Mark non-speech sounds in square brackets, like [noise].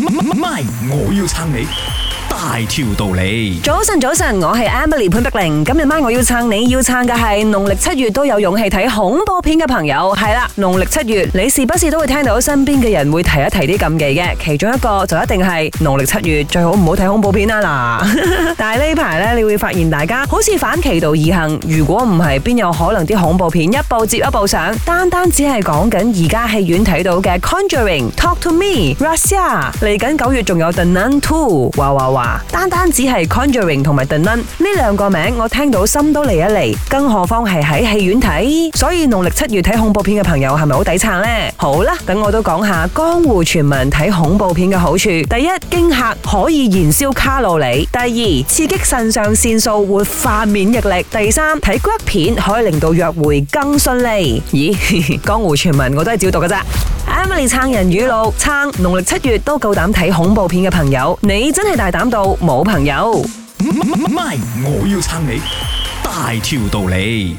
MY，我要撐你。大條道理，早晨早晨，我係 Emily 潘碧玲。今日晚我要撐你，要撐嘅係農曆七月都有勇氣睇恐怖片嘅朋友，係啦。農曆七月，你時不時都會聽到身邊嘅人會提一提啲禁忌嘅？其中一個就一定係農曆七月最好唔好睇恐怖片啦嗱。 [laughs] 但係呢排呢，你會發現大家好似反其道而行，如果唔係邊有可能啲恐怖片一部接一部上？單單只係講緊而家戲院睇到嘅 Conjuring Talk to Me Russia，嚟緊九月仲有 The Nun Two，哇哇哇！單單只係 Conjuring 同埋 The Nun 呢兩個名，我聽到心都離一離，更何況係喺戲院睇，所以農曆七月睇恐怖片嘅朋友係咪好抵撐呢？好啦，等我都講下江湖傳聞睇恐怖片嘅好處：第一，驚吓可以燃燒卡路里；第二，刺激腎上腺素，活化免疫力；第三，睇鬼片可以令到約會更順利。咦， [laughs] 江湖傳聞我都係照讀噶咋？Emily 撐人語錄，撐農曆七月都夠膽睇恐怖片嘅朋友，你真係大膽到冇朋友。唔係，我要撐你，大條道理。